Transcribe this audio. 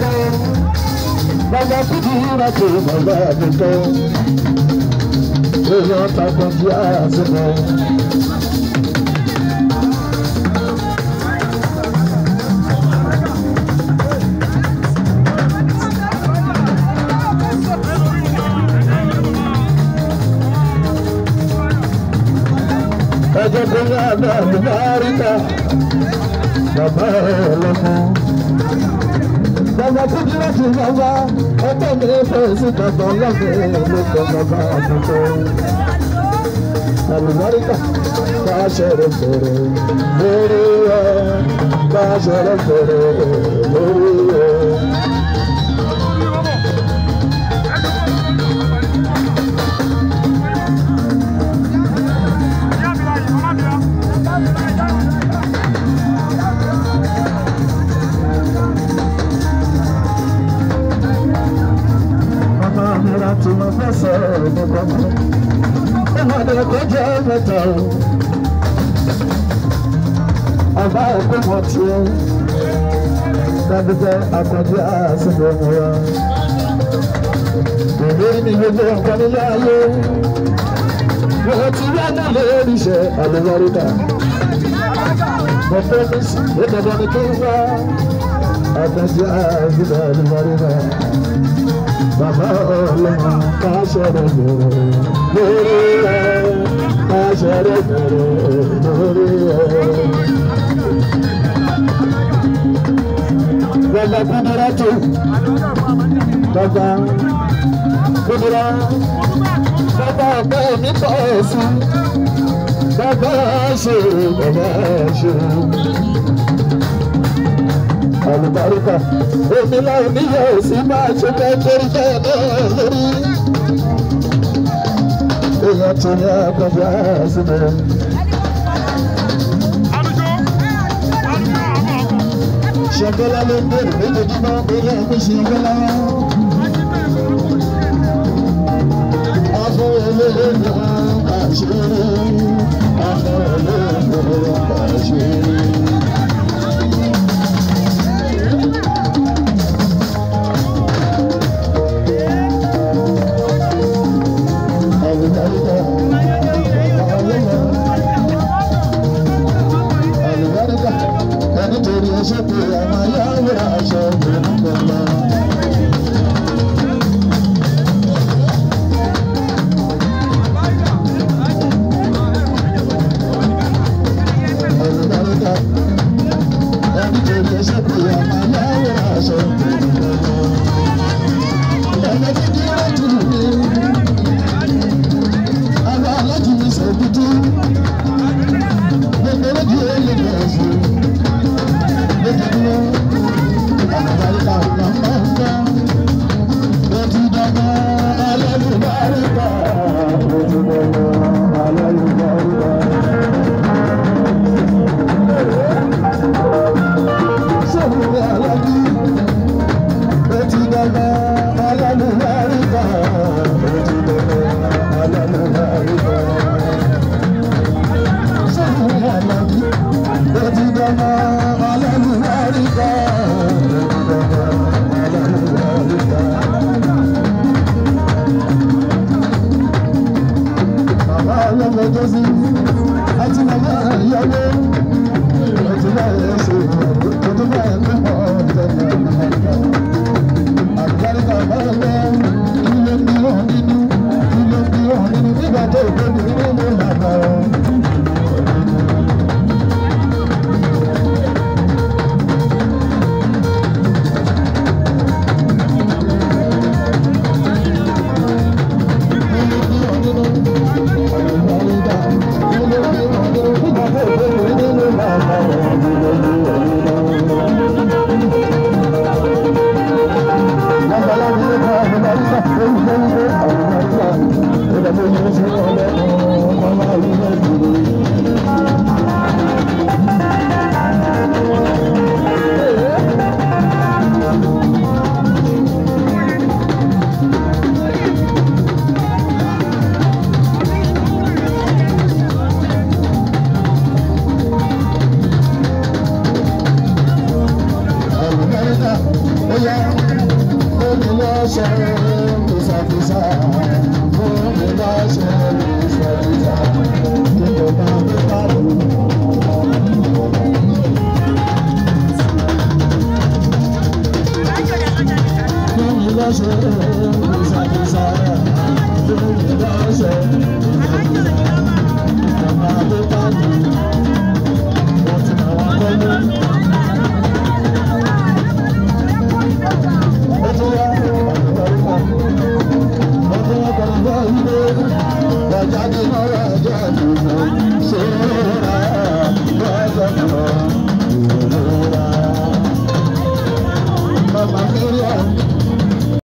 nìkan gbàgbà kùdì ìrọ̀tò bàbá nìkan èèyàn takọ̀ sí àyàsímọ̀. Ẹjọ́ kó ń gbà náà ní Máríkà, bàbá ẹ̀ lọ́mọ ọmọ tó dúró sí bàbá ẹgbẹ́ mi fẹ́ sí bàbá ọlọ́gbẹ́ ló kọ́ bàbá àtúntò. Àlùmọ́ríkà bá a ṣẹ̀rẹ̀ fèrè lórí ẹ̀ bá a ṣẹ̀rẹ̀ fèrè lórí ẹ̀. tí mo fẹ́ sọ nípa mi. Ọmọdé tó jẹ́ mẹ́ta o. Àbá ẹ̀kọ́ mọ̀ tí ó. Dábìtẹ́ àkọ́jú àṣìkò ìmúra. Èmi ni gbogbo nǹkan nílé ayé. Mo ti rí àná lórí iṣẹ́ àlùbáríkà. Mo fẹ́ mi sí ìdàgbàsókè wá. Àkọ́jú àṣìkò ìmúra bàbá ọ̀la ká ṣẹ̀rẹ̀ bẹ̀rẹ̀ lórí ẹ̀ ká ṣẹ̀rẹ̀ bẹ̀rẹ̀ lórí ẹ̀. Bàbá Kúndúrà tó bàbá Kúndúrà bàbá ọ̀gá mi kọ́ ẹ̀sìn bàbá ṣe bàbá ṣe àlùbáríkà omi láì níyà ò sí máa ṣe kékeré kẹ́ẹ̀kẹ́ lórí. èèyàn ti ní àkọjá síbẹ̀. ṣẹ́gbẹ́lá ló ń bèrè méjèèjì máa ń bẹ̀rẹ̀ ẹ̀kú ṣẹ́gbẹ́lá. aṣọ tó ọmọ yàwó aṣọ tó. น้อง I'm